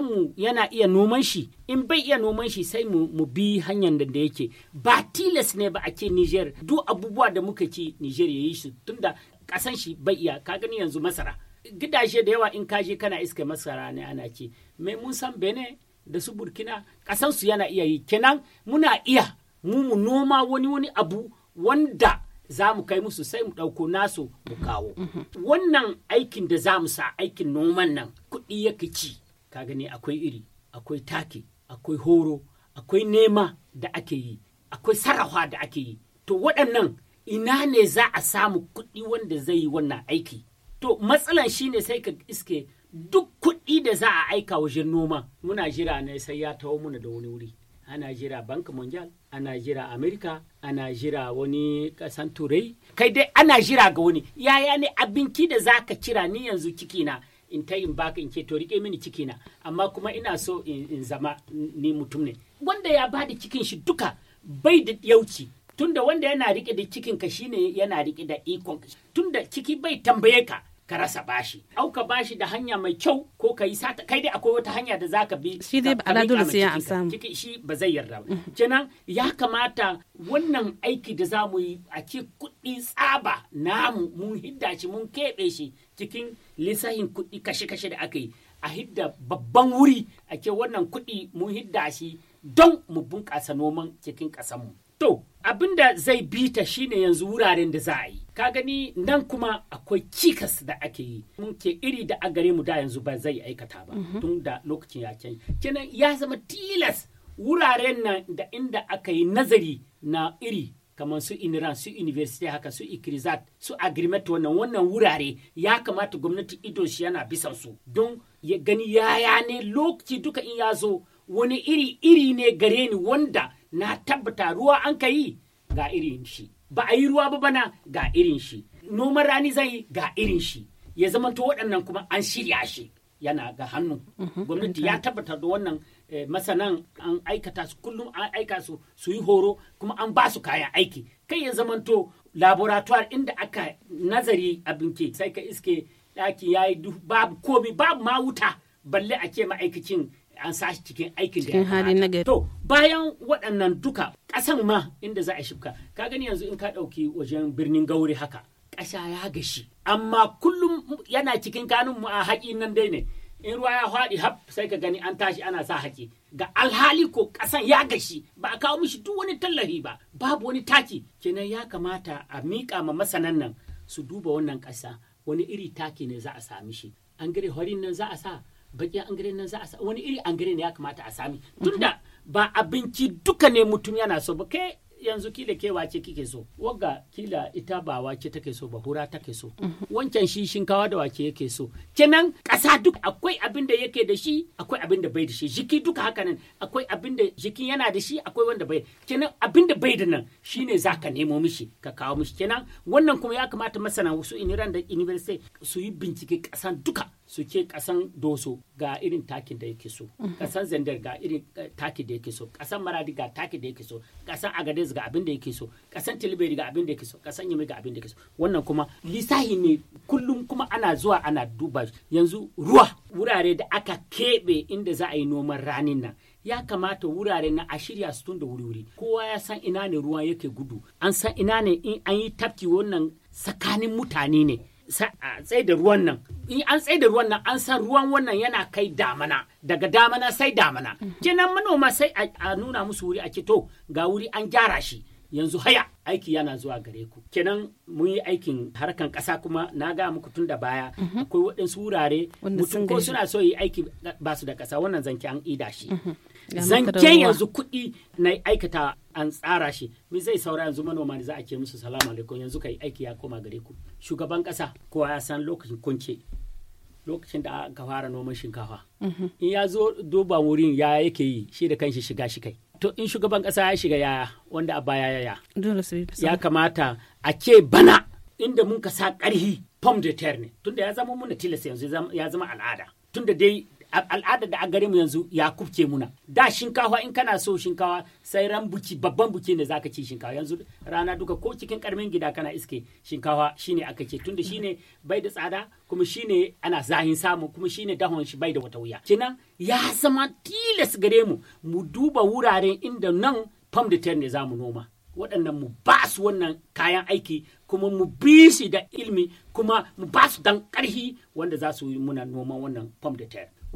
mu yana iya noman shi in bai iya noman shi sai mu bi hanyar da da yake ba tilas ne ba a ke Niger duk abubuwa da muka ci Niger ya yi shi tunda ƙasan shi bai iya ka gani yanzu masara gidaje da yawa in ka je kana iska masara ne ana ci mai mun san Benin da su Burkina ƙasan su yana iya yi kenan muna iya mu mu noma wani wani abu wanda za mu kai musu sai mu ɗauko nasu mu kawo. Mm-hmm. Wannan aikin da za mu sa aikin noman nan kuɗi ya ci. ka gani akwai iri akwai taki akwai horo akwai nema da ake yi akwai sarrafa da ake yi to waɗannan ina ne za a samu kuɗi wanda zai yi wannan aiki to matsalan shine sai ka iske duk kuɗi da za a aika wajen noma muna jira ne sai ya taho muna da wani wuri ana jira bank mondial ana jira america ana jira wani kasan turai kai dai ana jira ga wani yaya ne abinci da za ka cira ni yanzu cikina in ta in baka in ce to rike mini ciki na amma kuma ina so in zama ni mutum ne wanda ya bada cikin shi duka bai da yauci tunda wanda yana rike da cikin ka shine yana rike da ikon tunda ciki bai tambaye ka ka rasa bashi au ka bashi da hanya mai kyau ko ka yi sata kai dai akwai wata hanya da zaka bi shi dai ba dole sai ya samu ciki shi ba zai yarda ba kenan ya kamata wannan aiki da zamu yi a ce kudi tsaba namu mun hidda shi mun kebe shi cikin lissafin kuɗi kashe-kashe da aka yi a hidda babban wuri a ke wannan kuɗi mun hidda shi don mu bunƙasa noman cikin ƙasanmu. To, abin da zai bi ta shine yanzu wuraren da za a yi. Ka gani nan kuma akwai cikas da ake yi. Mun ke iri da a gare mu da yanzu ba zai aikata ba mhm. tun da lokacin ya can Kenan ya zama tilas wuraren nan da inda aka yi nazari na iri kamar su iniran su university haka su ikrizat su agreement wannan wannan wurare ya kamata gwamnati idon shi yana bisan su don ya gani yaya ne lokaci duka in ya zo wani iri iri ne gare ni wanda na tabbata ruwa an ka yi ga irin shi ba a yi ruwa ba bana ga irin shi noman rani zai yi ga irin shi ya zamanto waɗannan kuma an shirya shi yana ga hannu mhm. gwamnati ya tabbatar da wannan Eh, masanan an aikata su kullum an aika su su yi horo kuma an ba su kayan aiki kai ya zamanto laboratoire inda aka nazari a binke sai ka iske ɗaki ya yi babu komi babu ma wuta balle a ke ma'aikacin an sashi cikin aikin da ya to bayan waɗannan duka ƙasan ma inda za a shifka ka gani yanzu in ka ɗauki wajen birnin gauri haka ƙasa ya gashi amma kullum yana cikin kanun mu a haƙi nan dai ne in ruwa ya faɗi hab sai ka gani an tashi ana sa hake ga alhali ko kasan ya gashi ba a kawo mishi duk wani tallafi ba babu wani taki kenan ya kamata a miƙa ma masanan nan su duba wannan ƙasa wani iri taki ne za a sami shi an gare horin nan za a sa an gare nan za a sa wani iri gare ne ya kamata a sami mhm. tunda ba abinci duka ne mutum yana so ba kai yanzu kila ke wace kike so wagga kila ita ba wace take so ba hura take so wancan shi shinkawa da wace yake so kenan kasa duk akwai abin da yake da shi akwai abin da bai da shi jiki duka haka nan akwai abin da jiki yana da shi akwai wanda bai kenan abin da bai da nan shine zaka nemo mishi ka kawo mishi kenan wannan kuma ya kamata masana wasu iniran da university su yi bincike kasan duka suke kasan doso ga irin takin da yake so kasan zender ga irin eh, taki da yake so kasan maradi ga taki da yake so kasan agadez ga abin da yake so kasan tilberi ga abin da yake so kasan yami ga abin da yake so wannan kuma lisahi ne kullum kuma ana zuwa ana duba yanzu ruwa wurare da aka keɓe inda za a yi noman ranin nan ya kamata wurare na a shirya su tun da wuri-wuri kowa ya san ina ne ruwa yake gudu an san ina ne in an yi tafki wannan tsakanin mutane ne tsai da ruwan nan in an tsai da ruwan nan an san ruwan wannan yana kai damana daga damana sai damana mhm. kenan manoma sai a nuna musu wuri a to ga wuri an gyara shi yanzu haya aiki yana zuwa gare ku kenan mun yi aikin harkan kasa kuma na ga muku tun da baya mhm. akwai waɗansu wurare mutum ko suna so yi aiki ba su da kasa wannan zanki an ida shi mhm. zancen yanzu kuɗi na aikata an tsara shi mi zai saura yanzu manoma ne za a ke musu salamu alaikum yanzu kai aiki ya koma gare ku shugaban ƙasa kowa ya san lokacin kunce lokacin da aka fara noman shinkafa mhm. in ya zo duba wurin ya yake yi shi da kanshi shiga shi kai to in shugaban ƙasa ya shiga yaya wanda a baya yaya ya kamata a ke bana inda mun ka sa ƙarhi pom de terre ne tunda ya zama muna tilas yanzu ya zama al'ada tunda dai al'adar da a gare mu yanzu ya kubce muna da shinkawa in kana so shinkawa sai ran buki babban buki ne zaka ci shinkawa yanzu rana duka ko cikin karamin gida kana iske shinkawa shine aka ce tunda shine bai da tsada kuma shine ana zahin samu kuma shine dahon shi bai da wata wuya kenan ya zama tilas gare mu mu duba wuraren inda nan pam de terre ne zamu noma waɗannan mu ba su wannan kayan aiki kuma mu bi shi da ilimi kuma mu ba su dan ƙarhi wanda za su yi muna noman wannan pom de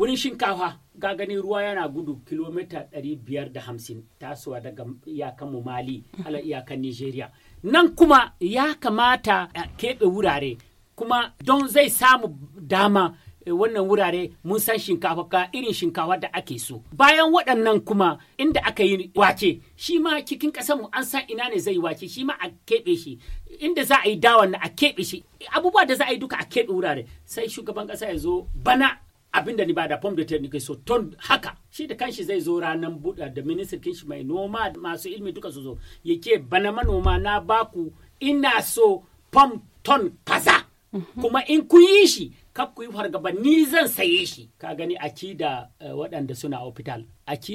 wurin shinkafa ga gani ruwa yana gudu kilomita 550 tasowa daga iyakan mali ala iyakan nigeria nan kuma ya kamata a keɓe wurare kuma don zai samu dama eh, wannan wurare mun san shinkafa ka irin shinkafa da ake so bayan waɗannan kuma inda aka yi wace shi ma cikin mu an san ina ne zai wace shi ma a keɓe shi inda za a yi dawan a keɓe shi abubuwa da za a yi duka a keɓe wurare sai shugaban ƙasa ya zo bana abin da ni ba da pom da nike so ton haka shi da kanshi zai zo ranar buɗa da ministan shi mai noma masu ilmi duka su zo yake bana manoma na baku ina so fom ton kaza mhm. kuma in kun yi shi kaf ku yi fargaba ni zan saye shi ka gani a akida eh, waɗanda suna hospital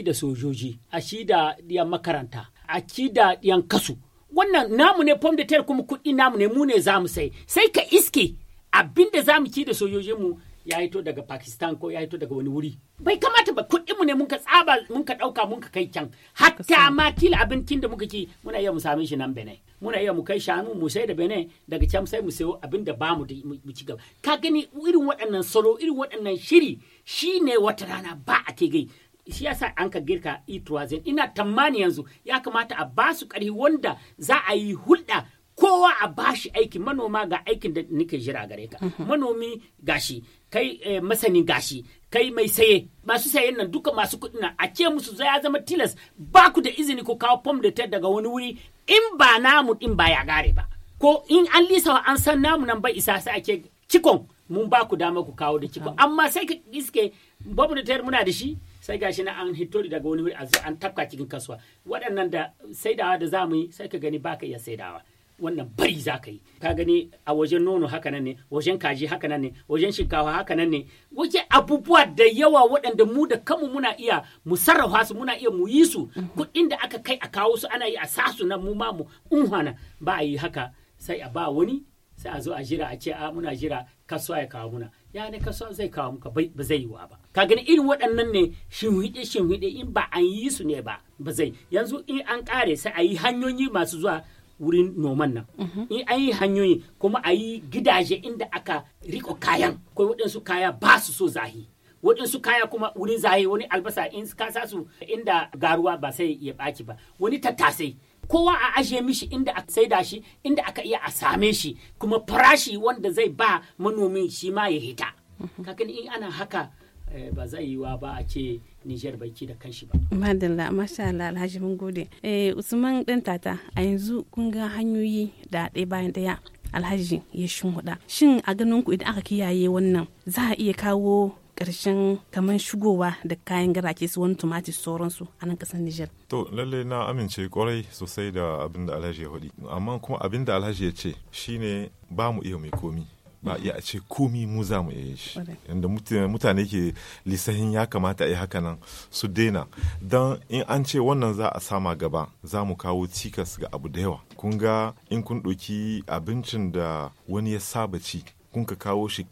da sojoji a akida ɗiyan makaranta a da ɗiyan kasu wannan namu ne fom da kuma kuɗi namu ne mu ne za mu sai sai ka iske abin da za mu ci da sojojinmu ya hito daga pakistan ko ya hito daga wani wuri bai kamata ba kuɗinmu ne ka tsaba mun ka ɗauka mun ka kai can hatta ma kila abincin da muka ki muna iya mu same shi nan bene muna iya mu kai shanu mu sai da bene daga can sai mu sayo abin da bamu da mu ci gaba ka gani irin waɗannan salo irin waɗannan shiri shine wata rana ba a ke gai shi yasa an ka girka itwazen ina tamani yanzu ya kamata a ba su ƙarfi wanda za a yi hulɗa kowa a bashi aikin manoma ga aikin da nake jira gare ka mhm. manomi gashi kai eh, masanin gashi kai mai saye masu sayen nan duka masu kuɗi nan a ce musu ya zama tilas ba ku da izini ko kawo fom da tar daga wani wuri in ba namu din ba ya gare ba ko in an lisa an san namu nan bai isa sai ake cikon mun ba ku dama ku kawo da cikon ah. amma sai ka iske babu da tar muna da shi sai gashi na an hito daga wani wuri an tafka cikin kasuwa waɗannan da saidawa da zamu yi sai ka gani ba baka iya saidawa wannan bari za ka yi ka gani a wajen nono haka nan ne wajen kaji haka nan ne wajen shinkafa haka nan ne wajen abubuwa da yawa waɗanda mu da kanmu muna iya mu sarrafa su muna iya mu yi su kuɗin da aka kai a kawo su ana yi a sa su nan mu ma mu unhana ba a yi haka sai a ba wani sai a zo a jira a ce a muna jira kasuwa ya kawo muna ya ne kasuwa zai kawo muka ba zai yi wa ba ka gani irin waɗannan ne shinhiɗe shinhiɗe in ba an yi su ne ba ba zai yanzu in an ƙare sai a yi hanyoyi masu zuwa wurin noman nan mhm. in an yi hanyoyi kuma a yi gidaje inda aka riko kayan ko waɗansu kaya ba su so zahi waɗansu kaya kuma wurin zahi wani albasa in ka sa su inda garuwa ba sai ya ɓaci ba wani tattasai kowa a ajiye mishi inda aka saida shi inda aka iya a same shi kuma farashi wanda zai ba manomin shi ma ya hita mhm. kakan in ana haka Eh, ba zai yiwa ba a ce Nijar baki da kanshi ba. Madalla, masha Allah, Alhaji mun gode. eh Usman ɗan tata, a yanzu kun ga hanyoyi da ɗaya bayan ɗaya Alhaji ya shimhuɗa. Shin a ganin ku idan aka kiyaye wannan za a iya kawo ƙarshen kamar shigowa da kayan garake su wani tumatir sauransu a nan ƙasar Nijar. To lalle na amince kwarai sosai da abin da Alhaji ya faɗi. Amma kuma abin da Alhaji ya ce shine ba mu iya mai komi. ba iya a ce komi mu za mu yi shi inda mutane ke lisahin ya kamata a yi haka nan su daina don in an ce wannan za a sama gaba za mu kawo cikas ga abu da yawa kun ga in kun ɗauki abincin da wani ya saba ci kun ka kawo shi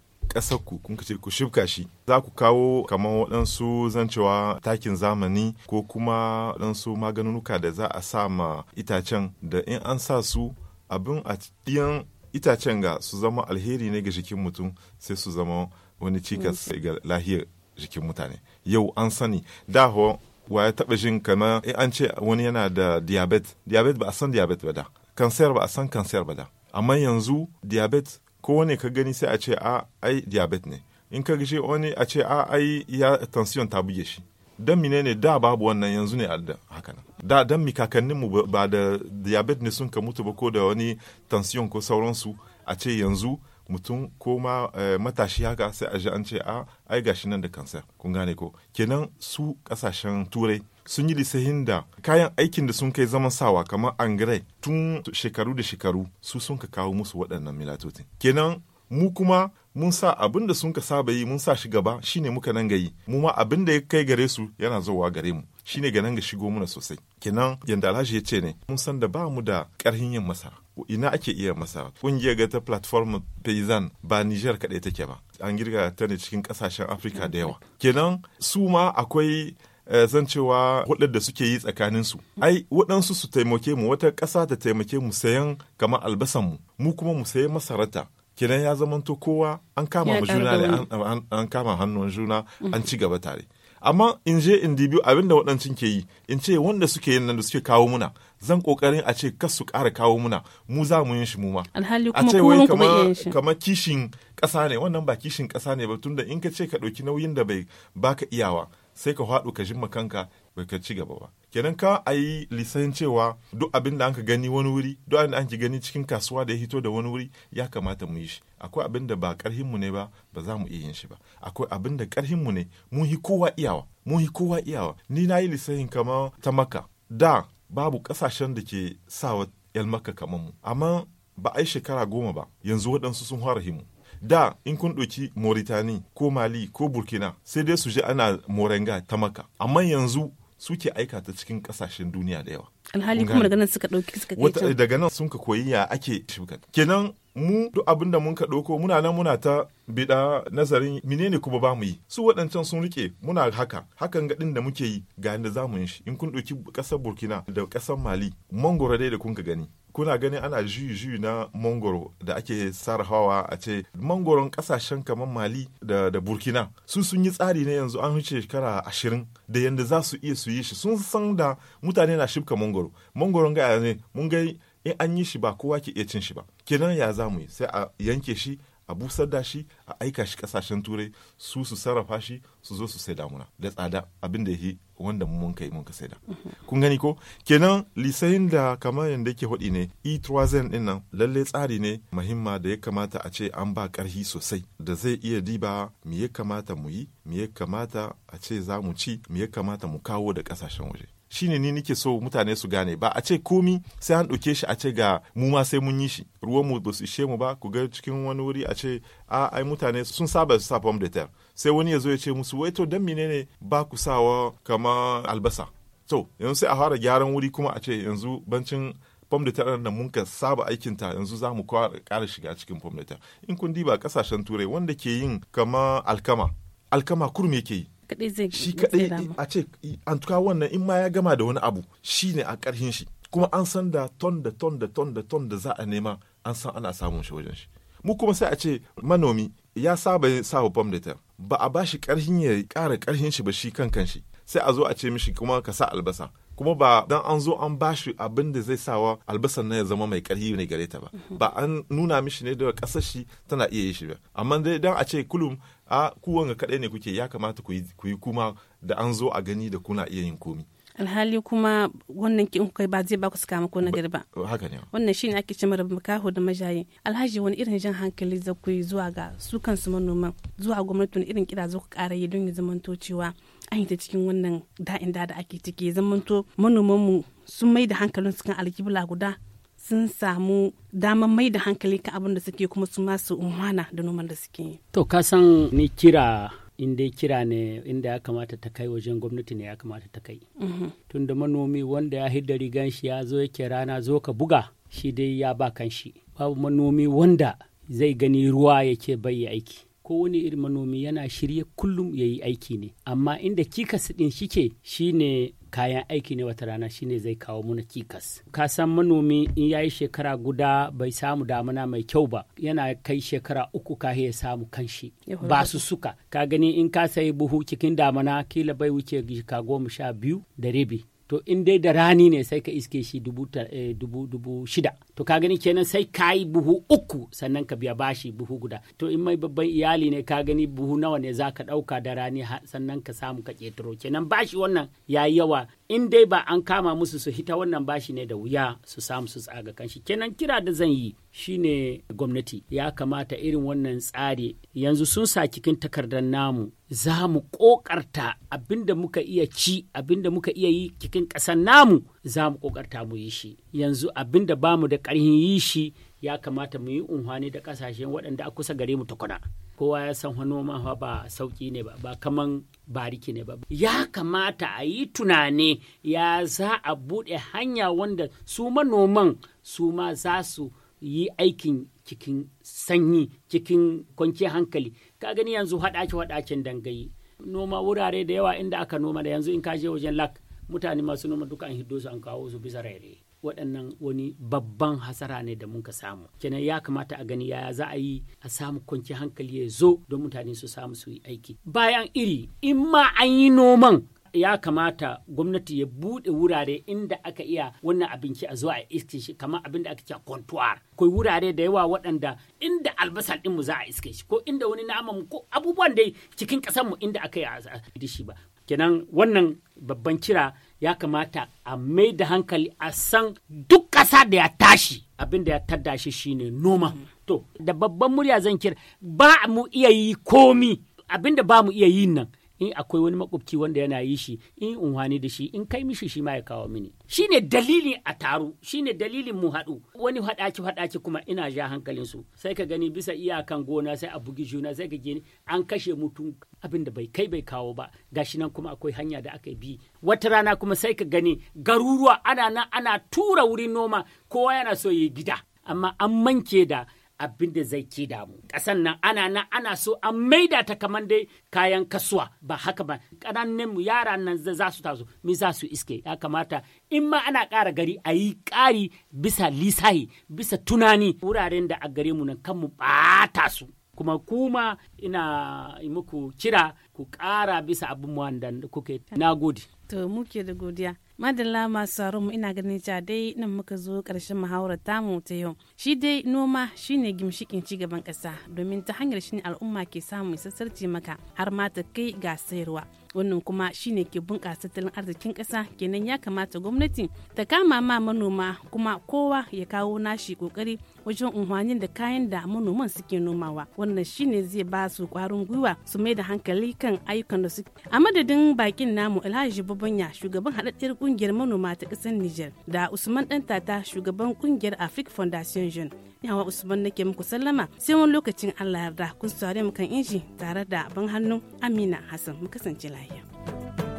ku kun ce ku shibka shi za ku kawo kamar waɗansu zancewa takin zamani ko kuma waɗansu maganunuka da za a sa ma itacen da in an sa su abin a ɗiyan itacen ga su zama alheri ne ga jikin mutum sai su zama wani cikas ga lahiyar jikin mutane yau an sani daho wa ya taba jin kamar eh, an ce wani yana da diabet diabet ba a san diabet ba da kansar ba a san kansar ba da amma yanzu diabet wani ka gani sai a ce a ah, ai diabet ne in ka gishe wani a ce a ah, ai ya tension ta buge shi don menene da babu wannan yanzu ne a haka nan da dan mi mu ba da diabet ne sun ka mutu ba ko da wani tension ko sauran su a ce yanzu mutum ko ma eh, matashi haka sai a ji an ce a ah, ai gashi nan da kansa kun gane ko kenan su kasashen turai sun yi lisahin da kayan aikin da sun kai zaman sawa kamar angare tun shekaru da shekaru su sun ka kawo musu waɗannan milatotin kenan mu kuma mun sa abin da sun ka saba yi mun sa shi gaba shine muka nan gayi mu ma abin da ya kai gare su yana zowa gare mu shine ga nan ga shigo muna sosai kenan yanda alhaji ya ce ne mun san da ba mu da karhin yin masara ina ake iya masa kungiyar ga ta platform paysan ba niger kaɗai take ba an girga ta ne cikin kasashen afirka da yawa kenan su ma akwai eh, zan cewa hudar da suke yi tsakanin su ai waɗansu su taimake mu wata ƙasa ta taimake mu sayan kamar albasan mu mu kuma mu sayi masarata kenan ya zamanto kowa an kama ma juna ne an kama hannun juna mm. an ci gaba tare amma in je in dibi abin da waɗancin ke yi in ce wanda suke yin nan da suke kawo muna zan kokarin a ce kas su ƙara kawo muna mu za mu yin shi mu ma a ce wai kamar kishin ƙasa ne wannan ba kishin ƙasa ne ba tunda in ka ce ka ɗauki nauyin da bai baka iyawa sai ka haɗu ka jimma kanka bai ka ci gaba ba kenan ka a yi lisan cewa duk abin da ka gani wani wuri duk abin da ka gani cikin kasuwa da ya hito da wani wuri ya kamata mu yi shi akwai abin da ba karhin mu ne ba ba za mu iya yin shi ba akwai abin da karhin mu ne mun yi kowa iyawa mun yi kowa iyawa ni na yi lisanin kamar ta maka da babu kasashen da ke sawa yal maka kamar mu amma ba a yi shekara goma ba yanzu waɗansu sun fara himu da in kun ɗauki mauritani ko mali ko burkina sai dai su je ana moringa ta maka amma yanzu suke aika ta cikin kasashen duniya da yawa alhali kuma daga nan suka dauki suka kai daga nan sun ka koyi ya ake shibkat kenan mu duk abin da mun ka ɗauko muna nan muna ta biɗa nazarin menene kuma ba mu yi su waɗancan sun rike muna haka hakan gaɗin da muke yi ga yadda za mu yi shi in kun ɗauki ƙasar burkina da ƙasar mali mangoro dai da kun ka gani kuna gani ana juyi-juyi na mangoro da ake sarhawa a ce mangoron ƙasashen kamar mali da, burkina su sun yi tsari ne yanzu an wuce shekara ashirin da yanda za su iya su yi shi sun san da mutane na shibka mangoro mangoron ga ne mun ga. in an yi shi ba kowa ke iya cin shi ba kenan ya za mu yi sai a yanke shi a busar da shi a aika shi kasashen turai su su sarrafa shi su zo su sai damuna da tsada abin da yi wanda mun kai mun ka saida kun gani ko kenan lisayin da kamar yadda yake hudi ne e-trozen din nan lalle tsari ne muhimma da ya kamata a ce an ba karhi sosai da zai iya diba me ya kamata mu yi me ya kamata a ce za mu ci me ya kamata mu kawo da kasashen waje shi ne ni nike so mutane su gane ba a ce komi sai an ɗauke shi a ce ga mu ma sai mun yi shi ruwan mu ba su ishe mu ba ku ga cikin wani wuri a ce a ai mutane sun saba su sa pomme de terre sai wani ya zo ya ce musu wai to dan menene ba ku sawa kama albasa to yanzu sai a fara gyaran wuri kuma a ce yanzu bancin pomme de terre nan mun ka saba aikin ta yanzu za mu kara shiga cikin pomme de terre in kun diba kasashen turai wanda ke yin kama alkama alkama kurme ke yi shi kadai a ce an tuka wannan in ma ya gama da wani abu shi ne a karhin shi kuma an san da ton da ton da ton da ton da za a nema an san ana samun shi wajen shi mu kuma sai a ce manomi ya saba sa wa pom da ta ba a bashi karhin ya ƙara karhin shi ba shi kan kanshi sai a zo a ce mishi kuma ka sa albasa kuma ba dan an zo an bashi abin da zai sawa albasan na ya zama mai karhi ne gare ta ba mhm. ba an nuna mishi ne da kasar shi tana iya yi shi ba amma dai dan a ce kulum a kuwan ga kadai ne kuke ya kamata ku yi kuma da an zo a gani da kuna iya yin komi alhali kuma wannan kin kai ba zai baku sakamako na gari ba haka ne wannan shine ake cewa rabu makaho da majayi alhaji wani irin jan hankali za ku yi zuwa ga su kansu manoman zuwa gwamnatin irin kira za ku ƙara yi don ya zamanto cewa an yi ta cikin wannan da'in da da ake ciki zamanto manoman mu sun mai da hankalin su kan alkibla guda sun samu damar mai da hankali kan abin da suke kuma su masu umana da noman da suke yi. To, ka san ni kira in dai kira ne inda ya kamata ta kai wajen gwamnati ne ya kamata ta kai mhm. tunda manomi wanda ya hidda rigan shi ya zo yake rana zo ka buga shi dai ya ba kan shi babu manomi wanda zai gani ruwa yake bai aiki kowane irin manomi yana shirye kullum ya yi aiki ne amma inda kikas din shike shine kayan aiki ne wata rana shine zai kawo muna kikas ka san manomi in ya yi shekara guda bai samu damuna mai kyau ba yana kai shekara uku ka ya samu kanshi ba su suka ka gani in ka sayi buhu cikin damana kila bai wuce ka goma sha biyu da rabi to in dai da rani ne sai ka iske shi eh, dubu, shida to ka gani kenan sai ka yi buhu uku sannan ka biya bashi buhu guda to in mai babban iyali ne ka gani buhu nawa ne za ka ɗauka da rani sannan ka samu ka ƙetaro kenan bashi wannan ya yawa in dai ba an kama musu su hita wannan bashi ne da wuya su samu su tsaga kanshi kenan kira da zan yi shine gwamnati ya kamata irin wannan tsari yanzu sun sa cikin takardar namu za mu kokarta abinda muka iya ci abinda muka iya yi cikin ƙasar namu za mu kokarta mu yi shi yanzu abinda bamu da ƙarhin yi shi ya kamata mu yi unhwani da ƙasashen waɗanda a kusa gare mu tukuna kowa ya san noma ba sauki ne ba ba kaman bariki ne ba ya kamata a yi tunani ya za a buɗe hanya wanda su manoman su ma za su yi aikin cikin sanyi cikin kwanciyar hankali ka gani yanzu haɗace haɗacen dangayi noma wurare da yawa inda aka noma da yanzu in ka je wajen lak mutane masu noma duka an hiddo su an kawo su bisa rairaye waɗannan wani babban hasara ne da muka samu kenan ya kamata a gani yaya za a yi a samu kwanci hankali ya zo don mutane su samu su yi aiki bayan iri in ma an yi noman ya kamata gwamnati ya buɗe wurare inda aka iya wannan abinci a zuwa a iske shi kamar abin da aka ce kontuwar akwai wurare da yawa waɗanda inda albasa ɗinmu za a iske shi ko inda wani naman ko abubuwan dai cikin ƙasarmu inda aka yi a shi ba kenan wannan babban kira ya kamata a mai da hankali a san duk ƙasa da ya tashi abin da ya tada shi shine noma to da babban murya zan kira ba mu iya yi komi abin da ba mu iya yi nan in akwai wani makwabci wanda yana yi shi in unhwani da shi in kai mishi shi ma ya kawo mini shine dalili a taru shine dalilin mu haɗu wani haɗaki haɗaki kuma ina ja hankalin su sai ka gani bisa iyakan gona sai a bugi juna sai ka gani an kashe mutum abin da bai kai bai kawo ba gashi nan kuma akwai hanya da aka bi wata rana kuma sai ka gani garuruwa ana nan ana tura wurin noma kowa yana so ya gida amma an manke da abin da zai ci damu ƙasan nan ana nan ana so an maida ta kamar dai kayan kasuwa ba haka ba ƙananan mu yara nan za su taso mi za su iske ya kamata in ma ana ƙara gari a yi ƙari bisa lisahi bisa tunani wuraren da a gare mu na kan mu ɓata su kuma kuma ina muku kira ku ƙara bisa abin wanda kuke na gode. To muke da godiya. madalla masu mu ina ganin cewa dai nan muka zo ƙarshen muhawarar tamu ta yau shi dai noma shine gimshikin gaban ƙasa domin ta hanyar shi al'umma ke samun sassarci maka har ma ta kai ga sayarwa wannan kuma shine ke bunƙasa tattalin arzikin ƙasa kenan ya kamata gwamnati ta kama ma manoma kuma kowa ya kawo nashi ƙoƙari wajen unhwanin da kayan da manoman suke nomawa wannan shine zai ba su ƙwarin gwiwa su mai da hankali kan ayyukan da suke a madadin bakin namu alhaji babanya shugaban haɗaɗɗiyar ƙungiyar manoma ta ƙasar Nijar da usman ɗantata shugaban ƙungiyar afrik foundation jeune Hawa Usman nake muku sallama sai wani lokacin Allah yarda kun sare mu kan inji tare da ban hannu Amina Hassan mu kasance lafiya.